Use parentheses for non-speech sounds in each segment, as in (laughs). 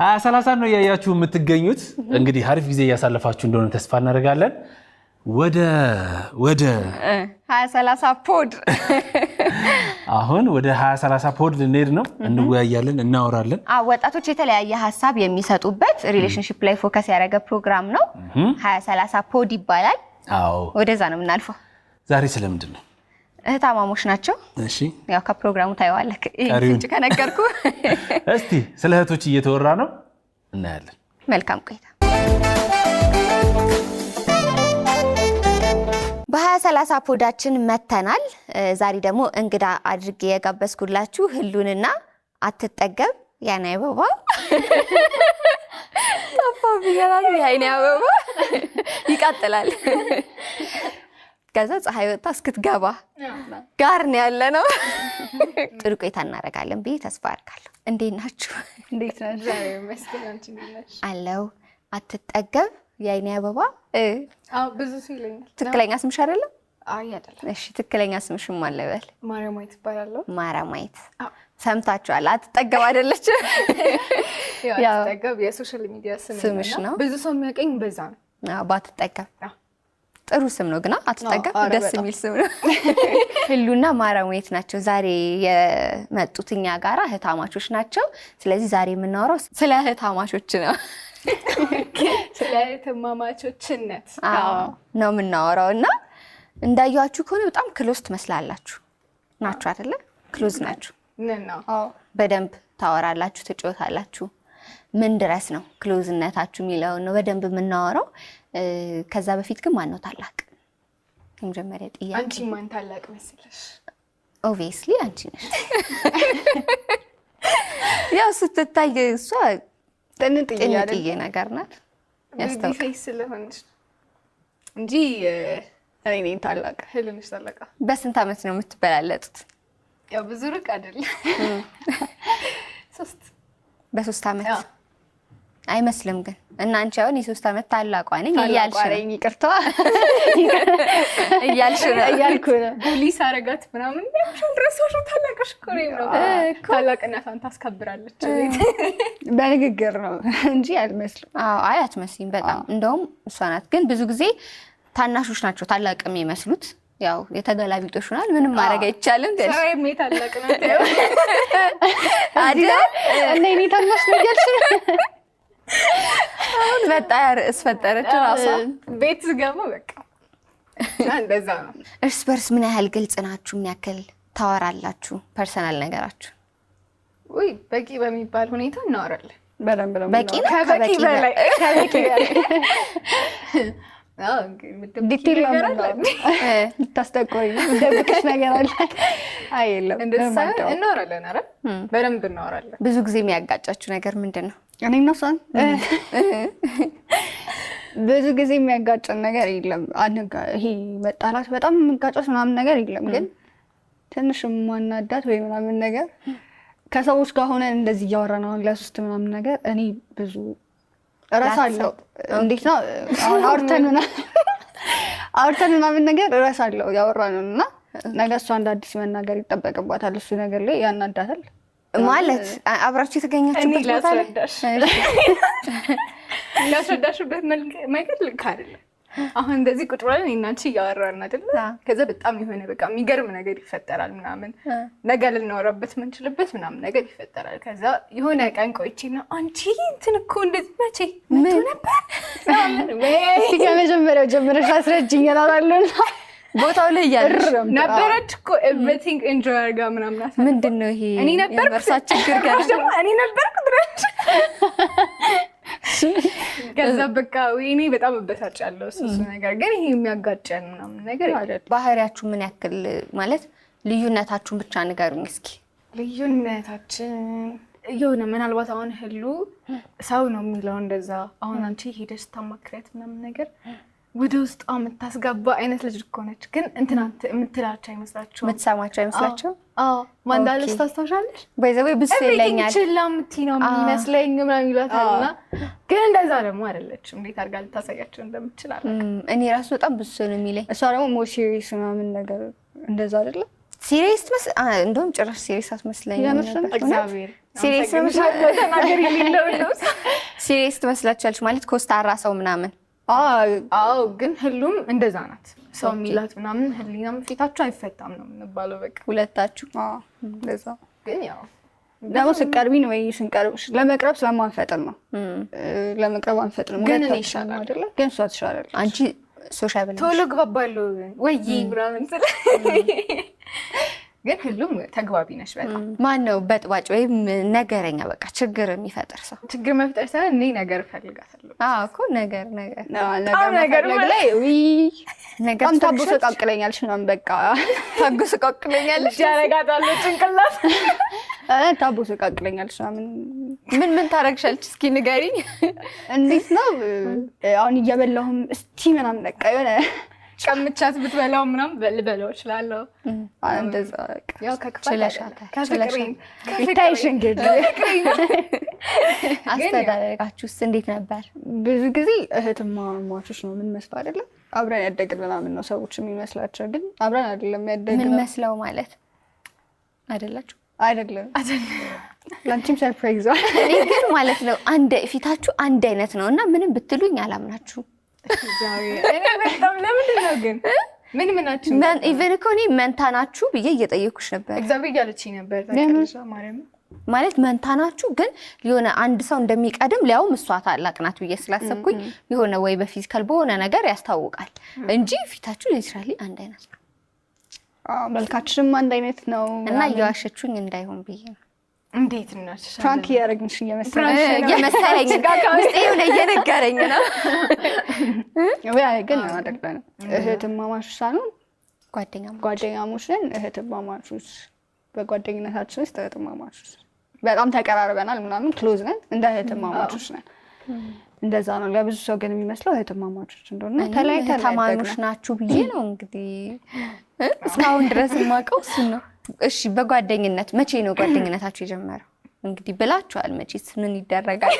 ሀያ ሰላሳ ነው እያያችሁ የምትገኙት። እንግዲህ አሪፍ ጊዜ እያሳለፋችሁ እንደሆነ ተስፋ እናደርጋለን። ወደ ወደ ሀያ ሰላሳ ፖድ አሁን ወደ ሀያ ሰላሳ ፖድ ልንሄድ ነው። እንወያያለን፣ እናወራለን። ወጣቶች የተለያየ ሀሳብ የሚሰጡበት ሪሌሽንሽፕ ላይ ፎከስ ያደረገ ፕሮግራም ነው። ሀያ ሰላሳ ፖድ ይባላል። ወደዛ ነው የምናልፈው ዛሬ ስለምንድን ነው እህታማሞች ናቸው። እሺ ያው ከፕሮግራሙ ታየዋለህ። ይህን ከነገርኩ (laughs) እስቲ ስለ እህቶች እየተወራ ነው እናያለን። መልካም ቆይታ። በሀያ ሰላሳ ፖዳችን መተናል። ዛሬ ደግሞ እንግዳ አድርጌ የጋበዝኩላችሁ ህሉንና አትጠገብ የአይን አበባ ጠፋ ብያለሁ። የአይን አበባ ይቀጥላል። ከዛ ፀሐይ ወጣ እስክትገባ ጋር ነው ያለ ነው። ጥሩ ቆይታ እናደርጋለን ብዬ ተስፋ አድርጋለሁ። እንዴት ናችሁ? እንዴት ናችሁ? አለው አትጠገብ የአይኔ አበባ ብዙ ሰው ትክክለኛ ስምሽ አይደለም? እሺ ትክክለኛ ስምሽም አለ በል። ማረማይት እባላለሁ። ማረማይት ሰምታችኋል። አትጠገብ አይደለች? አትጠገብ የሶሻል ሚዲያ ስምሽ ነው። ብዙ ሰው የሚያውቀኝ በዛ ነው። ባትጠገብ ጥሩ ስም ነው ግና አትጠጋም። ደስ የሚል ስም ነው። ህሉና (laughs) ማራሙየት ናቸው ዛሬ የመጡት እኛ ጋራ እህታማቾች ናቸው። ስለዚህ ዛሬ የምናወራው ስለ እህታማቾች ነው። (laughs) ስለ እህትማማቾችነት ነው የምናወራው እና እንዳያችሁ ከሆነ በጣም ክሎዝ ትመስላላችሁ ናችሁ አይደለ? ክሎዝ ናችሁ። በደንብ ታወራላችሁ፣ ትጫወታላችሁ። ምን ድረስ ነው ክሎዝነታችሁ የሚለውን ነው በደንብ የምናወራው። ከዛ በፊት ግን ማን ነው ታላቅ? የመጀመሪያ ጥያቄ አንቺ ማን ታላቅ መስለሽ? ኦብቪየስሊ አንቺ ነሽ። ያው ስትታይ እሷ ጥንጥዬ ነገር ናት ስለሆነች እንጂ እኔ ታላቅ። ህልምሽ ታላቅ። በስንት ዓመት ነው የምትበላለጡት? ያው ብዙ ርቅ አይደለም። ሶስት በሶስት ዓመት አይመስልም ግን እና አንቺ አሁን የሶስት ዓመት ታላቋ ነኝ እያልሽ ነው። ይቅርታ እያልሽ ነው እያልኩ ነው። ፖሊስ አረጋት ምናምን ረሶሹ ታላቅሽ እኮ ነው። ታላቅነቷን ታስከብራለች። በንግግር ነው እንጂ አልመስልም። አይ አትመስይም። በጣም እንደውም እሷ ናት። ግን ብዙ ጊዜ ታናሾች ናቸው ታላቅ የሚመስሉት። ያው የተገላቢጦሽ ሆናል። ምንም ማድረግ አይቻልም። ታላቅ ነው (laughs) ታናሽ ነው እያልሽ ነው በጣ ርዕስ ፈጠረች ራሷ ቤት ስገባ በቃ እንደዛ ነው። እርስ በርስ ምን ያህል ግልጽ ናችሁ? ምን ያክል ታወራላችሁ? ፐርሰናል ነገራችሁ? ውይ በቂ በሚባል ሁኔታ እናወራለን። በደንብ ነው። በቂ ነው። ከበቂ በላይ (laughs) ዲቴል (laughs) ልታስጠቆኝ ደብቅሽ ነገር አለ? አይ የለም፣ እናወራለን። በደንብ እናወራለን። ብዙ ጊዜ የሚያጋጫችሁ ነገር ምንድን ነው? እኔ (laughs) ብዙ ጊዜ የሚያጋጨን ነገር የለም። ይሄ መጣላት በጣም የምንጋጨት ምናምን ነገር የለም። ግን ትንሽ የማናዳት ወይ ምናምን ነገር ከሰዎች ጋር ሆነን እንደዚህ እያወራን አሁን ለሶስት ምናምን ነገር እኔ ብዙ እረሳለሁ። እንዴት ነው አውርተን አውርተን ምናምን ነገር እረሳለሁ ያወራነውን እና ነገ እሷ እንደ አዲስ መናገር ይጠበቅባታል። እሱ ነገር ላይ ያናዳታል ማለት አብራችሁ የተገኛችሁበት ቦታ ላይ ላስረዳሽበት መንገድ ልክ አይደለም። አሁን እንደዚህ ቁጭ ብለን እኔ እና አንቺ እያወራን አይደል? ከዛ በጣም የሆነ በቃ የሚገርም ነገር ይፈጠራል ምናምን ነገ ልናወራበት የምንችልበት ምናምን ነገር ይፈጠራል። ከዛ የሆነ ቀን ቆይቼ ነው አንቺ እንትን እኮ እንደዚህ መቼ መቶ ነበር ከመጀመሪያው ጀምረሽ አስረጅኝ እላለሁ። ቦታው ላይ እያለሽ ነበረች እኮ ኤቭሪቲንግ ኢንጆይ አድርጋ ምናምን ምንድን ነው ይሄ እኔ ነበርኩ ድረች ገንዘብ በቃ እኔ በጣም እበሳጭ ያለው እሱ ነገር ግን ይሄ የሚያጋጨን ምናምን ነገር ባህሪያችሁ ምን ያክል ማለት ልዩነታችሁን ብቻ ንገሩኝ እስኪ። ልዩነታችን የሆነ ምናልባት አሁን ህሉ ሰው ነው የሚለው እንደዛ አሁን አንቺ ሄደሽ ታማክሪያት ምናምን ነገር ወደ ውስጧ የምታስገባ አይነት ልጅ እኮ ነች። ግን እንትና የምትላቸው አይመስላችሁም? የምትሰማቸው አይመስላችሁም? ማንዳለች ታስታውሻለች። በይዘወይ ብሱ ይለኛል ችላ የምትይ ነው የሚመስለኝ ምናምን ይሏታል። ግን እንደዛ ደግሞ አይደለችም። እንዴት አድርጋ ልታሳያቸው እንደምችል እኔ ራሱ በጣም ብሱ ነው የሚለኝ። እሷ ደግሞ ሞ ሲሪየስ ምናምን ነገር እንደዛ አይደለም። ሲሪየስ ትመስ እንደውም ጭራሽ ሲሪየስ አትመስለኝ። (laughs) ሲሪየስ ትመስላችኋለች ማለት ኮስታራ ሰው ምናምን አዎ ግን ህሉም እንደዛ ናት። ሰው የሚላት ምናምን ህሊናም ፊታችሁ አይፈታም ነው የምንባለው። በቃ ሁለታችሁ እንደዛ ግን ያው ደግሞ ስቀርቢን ወይ ስንቀርብሽ ለመቅረብ ስለማንፈጥር ነው። ለመቅረብ አንፈጥርም፣ ግን እኔ ይሻላል አይደለ? ግን እሷ ትሻላለች። አንቺ ሶሻብል ቶሎ ግባባሉ ወይ ምናምን ስለ ግን ሁሉም ተግባቢ ነሽ። በጣም ማን ነው በጥባጭ ወይም ነገረኛ በቃ ችግር የሚፈጥር ሰው? ችግር መፍጠር ሳይሆን እኔ ነገር እፈልጋታለሁ እኮ ነገር ነገር ነገር ላይ በጣም ታግሶ ቃቅለኛለች ምናምን በቃ ታግሶ ቃቅለኛለች ያረጋታለሁ ጭንቅላት ታቦሶ (laughs) ቃቅለኛለች ምናምን ምን ምን ታረግሻለች? እስኪ ንገሪኝ። እንዴት ነው አሁን እየበላሁም እስቲ ምናምን በቃ የሆነ ቀምቻት ብትበላው ምናምን ልበላው እችላለሁ። እንደዛ ከክፋይሽ እንግዲህ (laughs) አስተዳደጋችሁስ እንዴት ነበር? ብዙ ጊዜ እህትማማቾች ነው የምንመስለው አይደለም። አብረን ያደግን ምናምን ነው ሰዎች የሚመስላቸው፣ ግን አብረን አይደለም ያደግን። መስለው ማለት አይደላችሁ አይደለም ለአንቺም ሰርፕራይዝ ግን ማለት ነው አንድ ፊታችሁ አንድ አይነት ነው እና ምንም ብትሉኝ አላምናችሁ ምን ምናችሁ ኢቨን እኮ እኔ መንታ ናችሁ ብዬ እየጠየኩሽ ነበር። እግዚአብሔር እያለችኝ ነበር ማለት መንታ ናችሁ ግን የሆነ አንድ ሰው እንደሚቀድም ሊያውም እሷ ታላቅ ናት ብዬ ስላሰብኩኝ የሆነ ወይ በፊዚካል በሆነ ነገር ያስታውቃል እንጂ ፊታችሁ ኔትራሊ አንድ አይነት ነው፣ መልካችንም አንድ አይነት ነው እና እየዋሸችኝ እንዳይሆን ብዬ ነው እንዴት ነሽ? ፍራንክ እያደረግንሽ እየመሰለኝ ውስጤ እየነገረኝ ነው። (laughs) ግን እህትማማች ሳይሆን ጓደኛሞች ነን። በጓደኝነታችን ውስጥ በጣም ተቀራርበናል ምናምን ክሎዝ ነን። እንደ ነን። እንደዛ ነው ለብዙ ሰው ግን የሚመስለው እህትማማቾች እንደሆነ ናችሁ ብዬ ነው እንግዲህ እስካሁን ድረስ የማውቀው እሱን ነው። እሺ በጓደኝነት መቼ ነው ጓደኝነታችሁ የጀመረው? እንግዲህ ብላችኋል። መቼስ ምን ይደረጋል።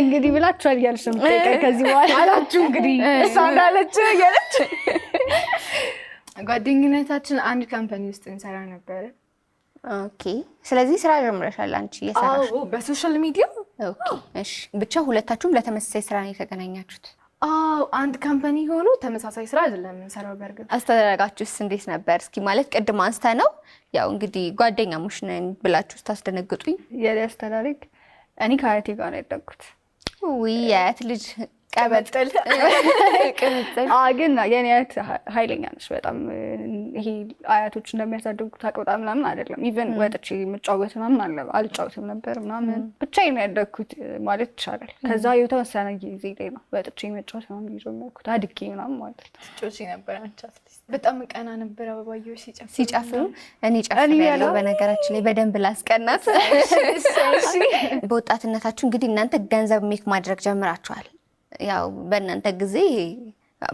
እንግዲህ ብላችኋል እያለች ነው የምትጠይቀኝ ከዚህ በኋላ አላችሁ። እንግዲህ እሷ እንዳለች እያለች ጓደኝነታችን አንድ ካምፓኒ ውስጥ እንሰራ ነበረ። ኦኬ። ስለዚህ ስራ ጀምረሻል አንቺ እየሰራሽ በሶሻል ሚዲያ። ኦኬ። እሺ። ብቻ ሁለታችሁም ለተመሳሳይ ስራ ነው የተገናኛችሁት? አዎ አንድ ካምፓኒ ሆኖ ተመሳሳይ ስራ አይደለም የምንሰራው። በእርግጥ አስተዳደጋችሁስ እንዴት ነበር? እስኪ ማለት ቅድም አንስተ ነው ያው እንግዲህ ጓደኛሞች ነን ብላችሁ ስታስደነግጡኝ የእኔ አስተዳደግ እኔ ከአያቴ ጋር ነው ያደግኩት። ውይ የአያት ልጅ ቀበጥል ግን የኔ አያት ኃይለኛ ነች በጣም። ይሄ አያቶች እንደሚያሳድጉት አቅብጣ ምናምን አይደለም። ኢቨን ወጥቼ የምጫወት ምናምን አለ አልጫወትም ነበር ምናምን ብቻዬን ያደግኩት ማለት ይቻላል። ከዛ የተወሰነ ጊዜ ላይ ነው ወጥቼ መጫወት ምናምን ይዞ የሚያልኩት አድጌ ምናምን ማለት ነው። ጮቼ ነበረ በጣም ቀና ነበረ። አበባዬ ሲጨፍሩ እኔ ጨፍር ያለው በነገራችን ላይ በደንብ ላስቀናት። በወጣትነታችሁ እንግዲህ እናንተ ገንዘብ ሜክ ማድረግ ጀምራችኋል ያው በእናንተ ጊዜ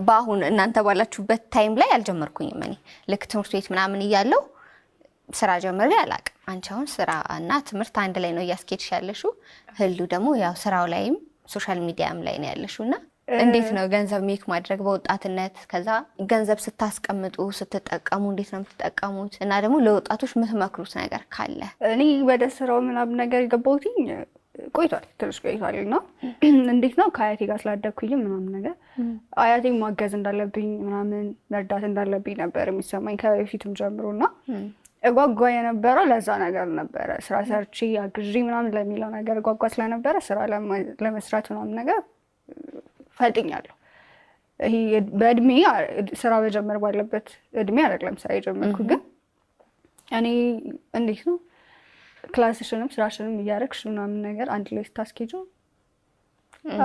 በአሁን እናንተ ባላችሁበት ታይም ላይ አልጀመርኩኝም። እኔ ልክ ትምህርት ቤት ምናምን እያለው ስራ ጀምሬ አላቅም። አንቺ አሁን ስራ እና ትምህርት አንድ ላይ ነው እያስኬድሽ ያለሽው። ህሉ ደግሞ ያው ስራው ላይም ሶሻል ሚዲያም ላይ ነው ያለሽው እና እንዴት ነው ገንዘብ ሜክ ማድረግ በወጣትነት? ከዛ ገንዘብ ስታስቀምጡ ስትጠቀሙ እንዴት ነው የምትጠቀሙት? እና ደግሞ ለወጣቶች የምትመክሩት ነገር ካለ እኔ ወደ ስራው ምናምን ነገር የገባሁትኝ ቆይቷል ትንሽ ቆይቷል። እና (clears throat) እንዴት ነው ከአያቴ ጋር ስላደግኩኝም ምናምን ነገር አያቴ ማገዝ እንዳለብኝ ምናምን መርዳት እንዳለብኝ ነበር የሚሰማኝ ከበፊትም ጀምሮ እና እጓጓ የነበረው ለዛ ነገር ነበረ። ስራ ሰርቼ አግዢ ምናምን ለሚለው ነገር እጓጓ ስለነበረ ስራ ለመስራት ምናምን ነገር ፈልጥኛለሁ። ይሄ በእድሜ ስራ በጀመር ባለበት እድሜ አይደለም ስራ የጀመርኩ ግን እኔ እንዴት ነው ክላስሽንም ስራሽንም እያደረግሽ ምናምን ነገር አንድ ላይ ስታስኬጁ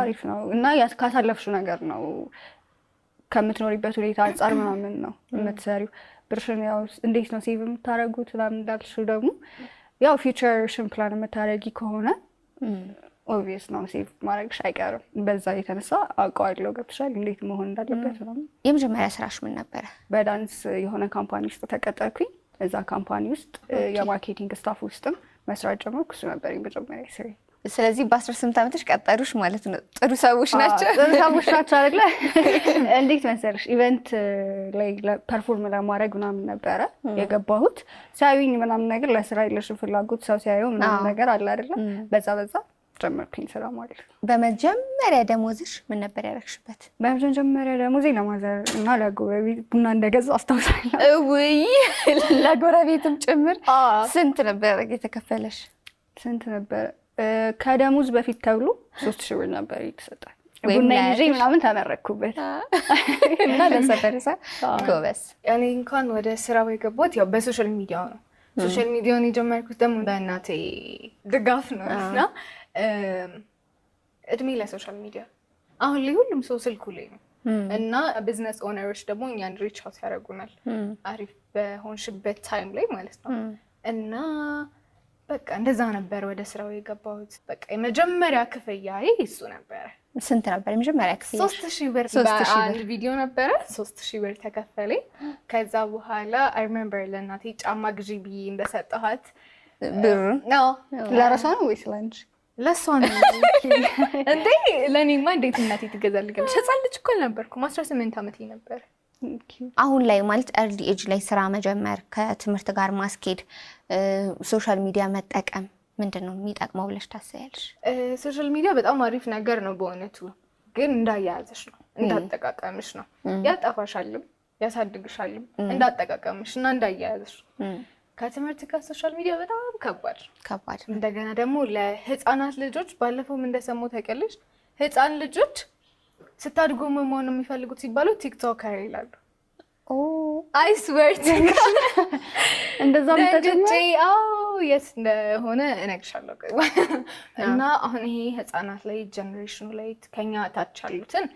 አሪፍ ነው እና ካሳለፍሽው ነገር ነው ከምትኖሪበት ሁኔታ አንጻር ምናምን ነው የምትሰሪው። ብርሽን ያው እንዴት ነው ሴቭ የምታደርጉት ምናምን እንዳልሽው ደግሞ ያው ፊውቸርሽን ፕላን የምታደርጊ ከሆነ ኦብቪየስ ነው ሴቭ ማድረግሽ አይቀርም። በዛ የተነሳ አውቀዋለሁ። ገብቶሻል እንዴት መሆን እንዳለበት ምናምን። የመጀመሪያ ስራሽ ምን ነበረ? በዳንስ የሆነ ካምፓኒ ውስጥ ተቀጠርኩኝ። እዛ ካምፓኒ ውስጥ የማርኬቲንግ ስታፍ ውስጥም መስራት ጀመርኩ። እሱ ነበር መጀመሪያ ስሬ። ስለዚህ በአስራ ስምንት ዓመትሽ ቀጣሪዎች ማለት ነው። ጥሩ ሰዎች ናቸው፣ ጥሩ ሰዎች ናቸው አለ። (laughs) እንዴት መሰለሽ ኢቨንት ላይ ፐርፎርም ለማድረግ ምናምን ነበረ የገባሁት። ሲያዩኝ ምናምን ነገር ለስራ የለሽም ፍላጎት ሰው ሲያየው ምናምን ነገር አለ አይደለም በዛ በዛ ጀመርኩኝ ስራ ማለት ነው። በመጀመሪያ ደሞዝሽ ምን ነበር ያደረግሽበት? በመጀመሪያ ደሞዜ ለማዘር እና ለጎረቤት ቡና እንደገዛ አስታውሳለሁ። ውይ (laughs) ለጎረቤትም ጭምር። ስንት ነበር የተከፈለሽ? ስንት ነበር ከደሞዝ በፊት ተብሎ ሶስት ሺህ ብር ነበር የተሰጠኝ። ቡና ይዤ ምናምን ተመረኩበት (laughs) እና ለሰፈርሳ ጎበስ። እኔ እንኳን ወደ ስራው የገባት ያው በሶሻል ሚዲያ ነው። ሶሻል ሚዲያውን የጀመርኩት ደግሞ በእናቴ ድጋፍ ነው እና እድሜ ለሶሻል ሚዲያ አሁን ላይ ሁሉም ሰው ስልኩ ላይ ነው እና ቢዝነስ ኦነሮች ደግሞ እኛን ሪች አውት ያደርጉናል አሪፍ በሆንሽበት ታይም ላይ ማለት ነው እና በቃ እንደዛ ነበር ወደ ስራው የገባሁት። በቃ የመጀመሪያ ክፍያ እሱ ነበረ። ስንት ነበር የመጀመሪያ ክፍያ? ሶስት ሺ ብር በአንድ ቪዲዮ ነበረ። ሶስት ሺ ብር ተከፈለኝ። ከዛ በኋላ አይ ሪሜምበር ለእናቴ ጫማ ግዢ ብዬ እንደሰጠኋት ብሩ ለራሷ ነው ወይስ ለአንቺ? ለእሷ ነው (laughs) እንዴ? ለእኔማ እንዴት እናቴ ትገዛልኛለች? ህፃን ልጅ እኮ አልነበርኩም። አስራ ስምንት ዓመቴ ነበር። አሁን ላይ ማለት እርሊ ኤጅ ላይ ስራ መጀመር፣ ከትምህርት ጋር ማስኬድ፣ ሶሻል ሚዲያ መጠቀም ምንድን ነው የሚጠቅመው ብለሽ ታስቢያለሽ? ሶሻል ሚዲያ በጣም አሪፍ ነገር ነው በእውነቱ ግን እንዳያያዘሽ ነው እንዳጠቃቀምሽ ነው። ያጠፋሻልም ያሳድግሻልም እንዳጠቃቀምሽ እና እንዳያያዘሽ ከትምህርት ጋር ሶሻል ሚዲያ በጣም ከባድ ከባድ። እንደገና ደግሞ ለህፃናት ልጆች ባለፈውም እንደሰሙ ተቀልሽ ህፃን ልጆች ስታድጎ መሆን የሚፈልጉት ሲባሉ ቲክቶከር ይላሉ። አይስዌር እንደዛ የት እንደሆነ እነግርሻለሁ። እና አሁን ይሄ ህፃናት ላይ ጀኔሬሽኑ ላይ ከኛ ታች ያሉትን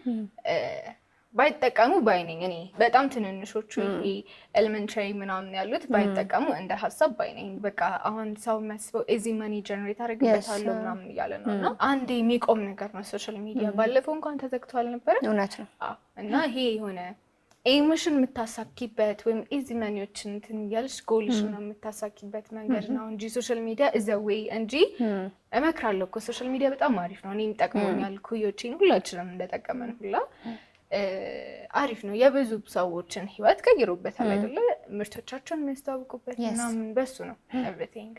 ባይጠቀሙ ባይነኝ እኔ በጣም ትንንሾቹ ኤሌመንትሪ ምናምን ያሉት ባይጠቀሙ እንደ ሀሳብ ባይነኝ። በቃ አሁን ሰው መስበው እዚህ መኒ ጀነሬት አደረግበታለሁ ምናምን እያለ ነው እና አንድ የሚቆም ነገር ነው ሶሻል ሚዲያ። ባለፈው እንኳን ተዘግቷል አልነበረ? እውነት ነው። እና ይሄ የሆነ ኤሞሽን የምታሳኪበት ወይም ኢዚ መኒዎችን እንትን እያልሽ ጎልሽ ነው የምታሳኪበት መንገድ ነው እንጂ ሶሻል ሚዲያ እዘ ወይ እንጂ እመክራለሁ እኮ ሶሻል ሚዲያ በጣም አሪፍ ነው። እኔም ጠቅሞኛል። ኩዮቼን ሁላችንም እንደጠቀመን ሁላ አሪፍ ነው። የብዙ ሰዎችን ህይወት ቀይሩበታል አይደለ? ምርቶቻቸውን የሚያስተዋውቁበት ምናምን በሱ ነው ኤቭሪቲንግ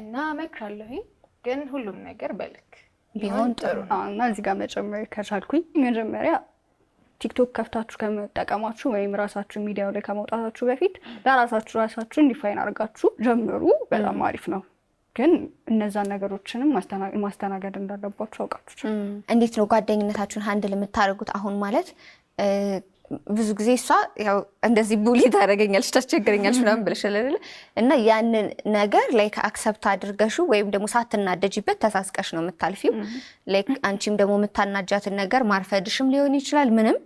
እና እመክራለሁኝ። ግን ሁሉም ነገር በልክ ቢሆን ጥሩ ነው እና እዚህ ጋር መጨመር ከቻልኩኝ መጀመሪያ ቲክቶክ ከፍታችሁ ከመጠቀማችሁ ወይም ራሳችሁ ሚዲያው ላይ ከመውጣታችሁ በፊት ለራሳችሁ ራሳችሁ እንዲፋይን አድርጋችሁ ጀምሩ። በጣም አሪፍ ነው። ግን እነዛን ነገሮችንም ማስተናገድ እንዳለባቸው አውቃችሁ። እንዴት ነው ጓደኝነታችሁን ሀንድል የምታደርጉት? አሁን ማለት ብዙ ጊዜ እሷ ያው እንደዚህ ቡሊ ታደርገኛለች፣ ታስቸግረኛለች ምናምን ብለሽ አይደለ? እና ያንን ነገር ላይክ አክሰብት አድርገሽው ወይም ደግሞ ሳትናደጅበት ተሳስቀሽ ነው የምታልፊው። ላይክ አንቺም ደግሞ የምታናጃትን ነገር ማርፈድሽም ሊሆን ይችላል ምንም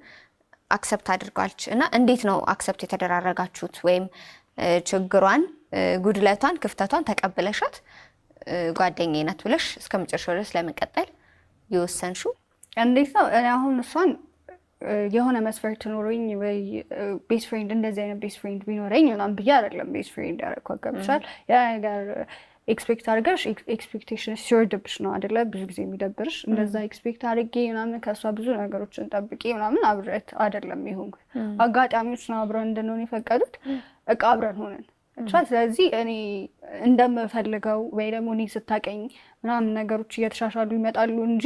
አክሰብት አድርጓለች። እና እንዴት ነው አክሰብት የተደራረጋችሁት ወይም ችግሯን ጉድለቷን፣ ክፍተቷን ተቀብለሻት ጓደኛዬ ናት ብለሽ እስከ መጨረሻው ድረስ ለመቀጠል የወሰንሽው እንዴት ነው? እኔ አሁን እሷን የሆነ መስፈርት ኖሮኝ ወይ ቤስት ፍሬንድ እንደዚህ አይነት ቤስት ፍሬንድ ቢኖረኝ ምናምን ብዬ አይደለም ቤስት ፍሬንድ ያደረኳት። ገብቶሻል? ያ ነገር ኤክስፔክት አድርገሽ ኤክስፔክቴሽን ሲወርድብሽ ነው አደለ? ብዙ ጊዜ የሚደብርሽ እንደዛ ኤክስፔክት አድርጌ ምናምን ከእሷ ብዙ ነገሮችን ጠብቄ ምናምን አብረት አደለም ይሁን አጋጣሚዎች ነው አብረን እንድንሆን የፈቀዱት። እቃ አብረን ሆነን ብቻ ስለዚህ እኔ እንደምፈልገው ወይ ደግሞ እኔ ስታቀኝ ምናምን ነገሮች እየተሻሻሉ ይመጣሉ እንጂ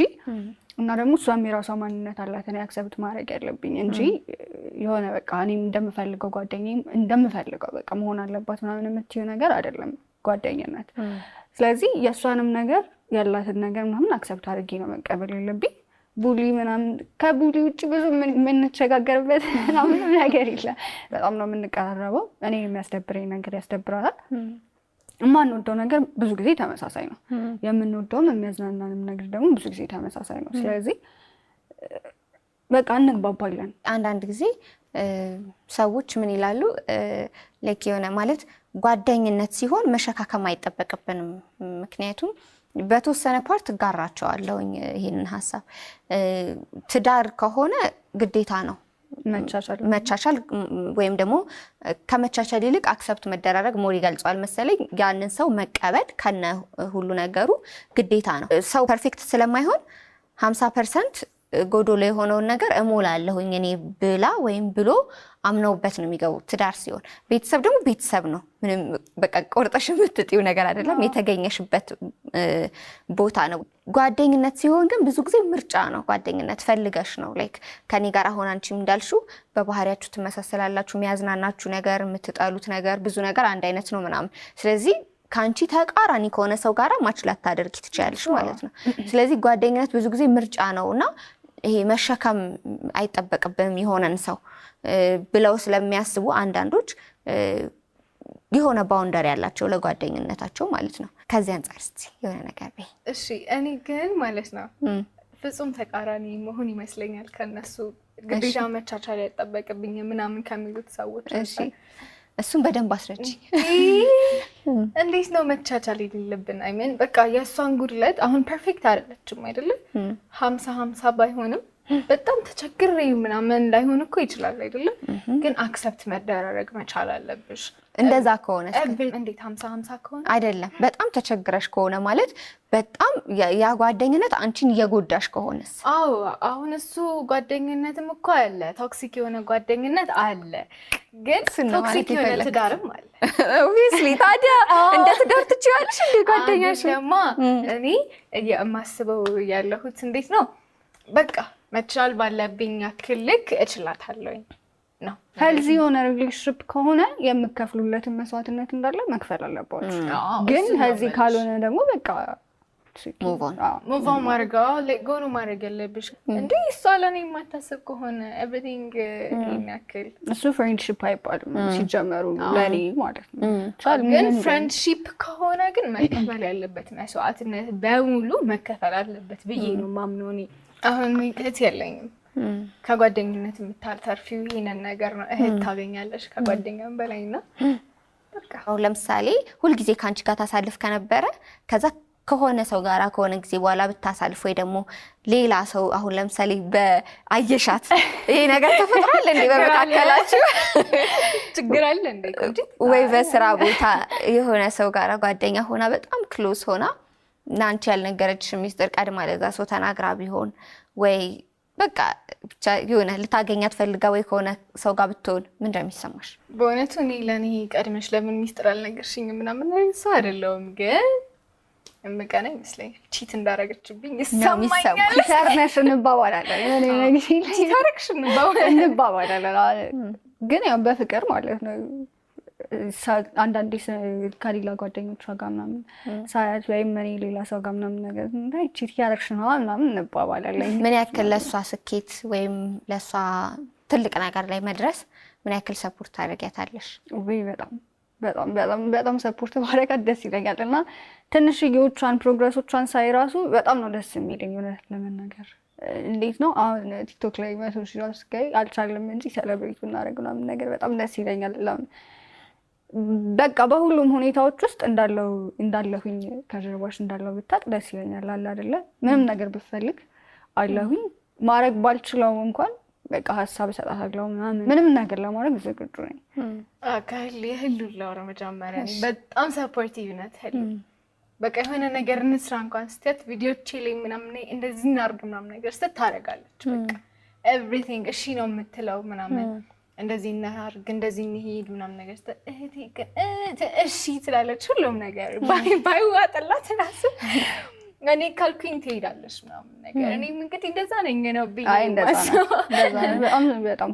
እና ደግሞ እሷም የራሷ ማንነት አላት እኔ አክሰብት ማድረግ ያለብኝ እንጂ የሆነ በቃ እኔም እንደምፈልገው ጓደኛዬም እንደምፈልገው በቃ መሆን አለባት ምናምን የምትይው ነገር አይደለም ጓደኝነት። ስለዚህ የእሷንም ነገር ያላትን ነገር ምናምን አክሰብት አድርጌ ነው መቀበል ያለብኝ። ቡሊ ምናምን ከቡሊ ውጭ ብዙ የምንሸጋገርበት (laughs) ምንም ነገር የለም። በጣም ነው የምንቀራረበው። እኔ የሚያስደብረኝ ነገር ያስደብራታል። የማንወደው ነገር ብዙ ጊዜ ተመሳሳይ ነው። የምንወደውም የሚያዝናናንም ነገር ደግሞ ብዙ ጊዜ ተመሳሳይ ነው። ስለዚህ በቃ እንግባባለን። አንዳንድ ጊዜ ሰዎች ምን ይላሉ ላይክ የሆነ ማለት ጓደኝነት ሲሆን መሸካከም አይጠበቅብንም ምክንያቱም በተወሰነ ፓርት ጋራቸዋለው ይህንን ሀሳብ። ትዳር ከሆነ ግዴታ ነው መቻቻል ወይም ደግሞ ከመቻቻል ይልቅ አክሰብት መደራረግ ሞር ይገልጸዋል መሰለኝ። ያንን ሰው መቀበል ከነ ሁሉ ነገሩ ግዴታ ነው። ሰው ፐርፌክት ስለማይሆን ሀምሳ ፐርሰንት ጎዶሎ የሆነውን ነገር እሞላለሁኝ እኔ ብላ ወይም ብሎ አምነውበት ነው የሚገቡት። ትዳር ሲሆን ቤተሰብ ደግሞ ቤተሰብ ነው። ምንም በቃ ቆርጠሽ የምትጥዩ ነገር አይደለም፣ የተገኘሽበት ቦታ ነው። ጓደኝነት ሲሆን ግን ብዙ ጊዜ ምርጫ ነው። ጓደኝነት ፈልገሽ ነው። ላይክ ከኔ ጋር አሁን አንቺም እንዳልሽው በባህሪያችሁ ትመሳሰላላችሁ። የሚያዝናናችሁ ነገር፣ የምትጠሉት ነገር፣ ብዙ ነገር አንድ አይነት ነው ምናምን ስለዚህ ከአንቺ ተቃራኒ ከሆነ ሰው ጋር ማች ላታደርጊ ትችያለሽ ማለት ነው። ስለዚህ ጓደኝነት ብዙ ጊዜ ምርጫ ነው እና ይሄ መሸከም አይጠበቅብንም የሆነን ሰው ብለው ስለሚያስቡ አንዳንዶች የሆነ ባውንደር ያላቸው ለጓደኝነታቸው ማለት ነው። ከዚህ አንጻር እስኪ የሆነ ነገር በይ። እሺ እኔ ግን ማለት ነው ፍጹም ተቃራኒ መሆን ይመስለኛል ከነሱ ግዴታ መቻቻል አይጠበቅብኝም ምናምን ከሚሉት ሰዎች እሱን በደንብ አስረጅ። እንዴት ነው መቻቻል የሌለብን? አይ ሚን በቃ የእሷን ጉድለት አሁን ፐርፌክት አይደለችም አይደለም፣ ሀምሳ ሀምሳ ባይሆንም በጣም ተቸግሬ ምናምን ላይሆን እኮ ይችላል አይደለም፣ ግን አክሰፕት መደራረግ መቻል አለብሽ። እንደዛ ከሆነ እንዴት ሀምሳ ሀምሳ ከሆነ አይደለም፣ በጣም ተቸግረሽ ከሆነ ማለት በጣም ያ ጓደኝነት አንቺን እየጎዳሽ ከሆነስ? አዎ፣ አሁን እሱ ጓደኝነትም እኮ አለ፣ ቶክሲክ የሆነ ጓደኝነት አለ፣ ግን ቶክሲክ የሆነ ትዳርም አለ። ኦብቪስሊ (laughs) ታዲያ እንደ ትዳር ትችያለሽ እንደ ጓደኛሽ። ደማ እኔ የማስበው ያለሁት እንዴት ነው በቃ መቻል ባለብኝ ያክል ልክ እችላታለሁኝ ነው። ሄልዚ የሆነ ሪሌሽንሽፕ ከሆነ የምከፍሉለትን መስዋዕትነት እንዳለ መክፈል አለባችሁ። ግን ሄልዚ ካልሆነ ደግሞ በቃ ሙቭ ማድረግ ጎኑ ማድረግ ያለብሽ hmm. እንደ እሷ ለእኔ የማታስብ ከሆነ ኤቭሪቲንግ hmm. ያክል እሱ ፍሬንድሽፕ አይባልም hmm. ሲጀመሩ ለእኔ ማለት ነው። ግን ፍሬንድሽፕ ከሆነ ግን መከፈል ያለበት መስዋዕትነት በሙሉ መከፈል አለበት ብዬ ነው የማምነው አሁን እህት የለኝም። ከጓደኝነት የምታተርፊው ይህንን ነገር ነው። እህት ታገኛለሽ ከጓደኛም በላይ እና አሁን ለምሳሌ ሁልጊዜ ከአንቺ ጋር ታሳልፍ ከነበረ ከዛ ከሆነ ሰው ጋር ከሆነ ጊዜ በኋላ ብታሳልፍ ወይ ደግሞ ሌላ ሰው አሁን ለምሳሌ በአየሻት ይሄ ነገር ተፈጥሯል እንዴ በመካከላችሁ ችግር አለ እንዴ ወይ በስራ ቦታ የሆነ ሰው ጋር ጓደኛ ሆና በጣም ክሎስ ሆና እናንቺ ያልነገረችሽ ሚስጥር ቀድማ ለዛ ሰው ተናግራ ቢሆን ወይ በቃ ብቻ የሆነ ልታገኛት ፈልጋ ወይ ከሆነ ሰው ጋር ብትሆን ምን እንደሚሰማሽ በእውነቱ እኔ ለእኔ ቀድመሽ ለምን ሚስጥር አልነገርሽኝ ምናምን ሰው አይደለውም ግን የምቀና ይመስለኛል ቺት እንዳረገችብኝ ይሰማኛል። ሰርነሽ እንባባላለን ታረግሽ እንባባላለን ግን ያው በፍቅር ማለት ነው። አንዳንዴ ከሌላ ጓደኞቿ ጋር ምናምን ሳያት ወይም እኔ ሌላ ሰው ጋር ምናምን ነገር ቺት እያደረግሽ ነው ምናምን እንባባላለን። ምን ያክል ለእሷ ስኬት ወይም ለእሷ ትልቅ ነገር ላይ መድረስ ምን ያክል ሰፖርት ታደርጊያታለሽ? ወይ በጣም በጣም በጣም በጣም ሰፖርት ማድረጋት ደስ ይለኛል። እና ትንሽ ትንሽዬዎቿን ፕሮግረሶቿን ሳይ ራሱ በጣም ነው ደስ የሚለኝ እውነት ለመናገር እንዴት ነው አሁን ቲክቶክ ላይ መቶ ሺ ስገኝ አልቻለም እንጂ ሴሌብሬት ብናደርግ ምናምን ነገር በጣም ደስ ይለኛል። በቃ በሁሉም ሁኔታዎች ውስጥ እንዳለው እንዳለሁኝ ከጀርባሽ እንዳለው ብታቅ ደስ ይለኛል። አለ አይደለ ምንም ነገር ብፈልግ አለሁኝ። ማድረግ ባልችለው እንኳን በቃ ሀሳብ እሰጣታለሁ ምናምን ምንም ነገር ለማድረግ ዝግጁ ነኝ። ከህል የህሉ ላውራ መጀመሪያ በጣም ሰፖርቲቭ ነት ህል በቃ የሆነ ነገር እንስራ እንኳን ስትያት ቪዲዮቼ ላይ ምናምን እንደዚህ እናርግ ምናምን ነገር ስታደርጋለች። በቃ ኤቭሪቲንግ እሺ ነው የምትለው ምናምን እንደዚህ እናርግ፣ እንደዚህ እንሄድ ምናምን ነገር እህቴ እሺ ትላለች። ሁሉም ነገር ባይ ባይ ዋጠላት እኔ ካልኩኝ ትሄዳለች ምናምን ነገር። እኔም እንግዲህ እንደዛ ነኝ ነው ብዬ በጣም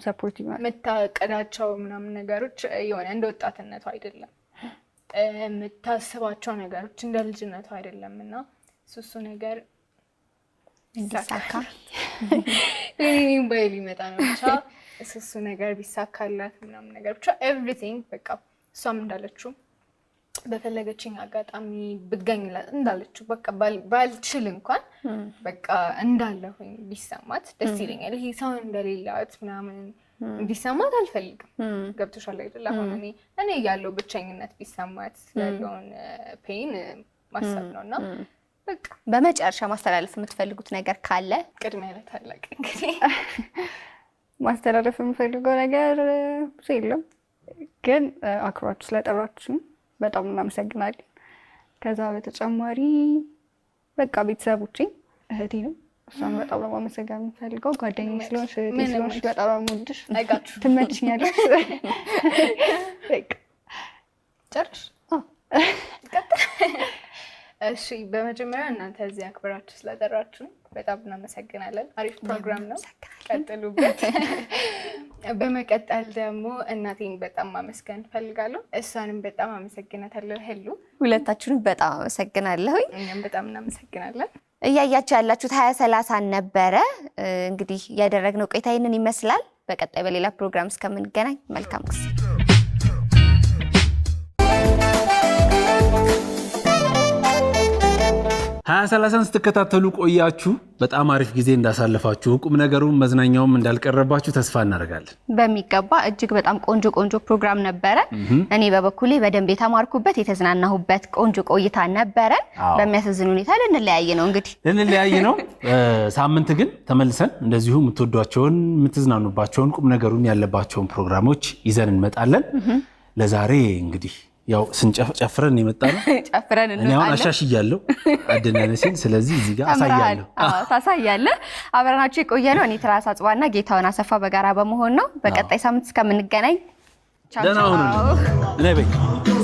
የምታቀዳቸው ምናምን ነገሮች የሆነ እንደ ወጣትነቱ አይደለም የምታስባቸው ነገሮች እንደ ልጅነቱ አይደለም እና ሱሱ ነገር ባይ ሊመጣ ነው ብቻ እሱ ነገር ቢሳካላት ምናምን ነገር ብቻ ኤቭሪቲንግ በቃ እሷም እንዳለችው በፈለገችኝ አጋጣሚ ብገኝላት እንዳለችው በቃ ባልችል እንኳን በቃ እንዳለሁኝ ቢሰማት ደስ ይለኛል። ይሄ ሰውን እንደሌላት ምናምን እንዲሰማት አልፈልግም። ገብቶሻል አይደል? አሁን እኔ እኔ ያለው ብቸኝነት ቢሰማት ያለውን ፔን ማሰብ ነው እና በመጨረሻ ማስተላለፍ የምትፈልጉት ነገር ካለ ቅድሚያ ለታላቅ እንግዲህ (laughs) ማስተላለፍ የምፈልገው ነገር ብዙ የለም፣ ግን አክብራችሁ ስለጠራችሁ በጣም እናመሰግናለን። ከዛ በተጨማሪ በቃ ቤተሰቦቼ እህቴ ነው፣ እሷን በጣም ለማመሰገን የምፈልገው ጓደኛ ስለሆንሽ እህቴ ስለሆንሽ በጣም የምወድሽ ትመችኛለሽ። ጨርሽ እሺ። በመጀመሪያ እናንተ እዚህ አክብራችሁ ስለጠራችሁን በጣም እናመሰግናለን። አሪፍ ፕሮግራም ነው፣ ቀጥሉበት። (laughs) በመቀጠል ደግሞ እናቴን በጣም ማመስገን እፈልጋለሁ። እሷንም በጣም አመሰግናታለሁ። ሄሉ ሁለታችሁን በጣም አመሰግናለሁ። እኛም በጣም እናመሰግናለን። እያያቸው ያላችሁት ሀያ ሰላሳን ነበረ። እንግዲህ ያደረግነው ቆይታ ይህንን ይመስላል። በቀጣይ በሌላ ፕሮግራም እስከምንገናኝ መልካም ጊዜ ሀያ ሰላሳን ስትከታተሉ ቆያችሁ። በጣም አሪፍ ጊዜ እንዳሳለፋችሁ ቁም ነገሩም መዝናኛውም እንዳልቀረባችሁ ተስፋ እናደርጋለን። በሚገባ እጅግ በጣም ቆንጆ ቆንጆ ፕሮግራም ነበረ። እኔ በበኩሌ በደንብ የተማርኩበት የተዝናናሁበት ቆንጆ ቆይታ ነበረ። በሚያሳዝን ሁኔታ ልንለያይ ነው እንግዲህ ልንለያይ ነው። (laughs) ሳምንት ግን ተመልሰን እንደዚሁ የምትወዷቸውን የምትዝናኑባቸውን ቁም ነገሩን ያለባቸውን ፕሮግራሞች ይዘን እንመጣለን። ለዛሬ እንግዲህ ያው ስንጨፍረን የመጣ ነው። (laughs) ጨፍረን እንወጣለን። አሻሽያለሁ አደናነሴን። (laughs) ስለዚህ እዚህ ጋር አሳያለሁ። ታሳያለህ። አብረናችሁ የቆየ ነው። እኔ ትራስ አጽባና ጌታውን አሰፋ በጋራ በመሆን ነው። በቀጣይ ሳምንት እስከምንገናኝ ቻው።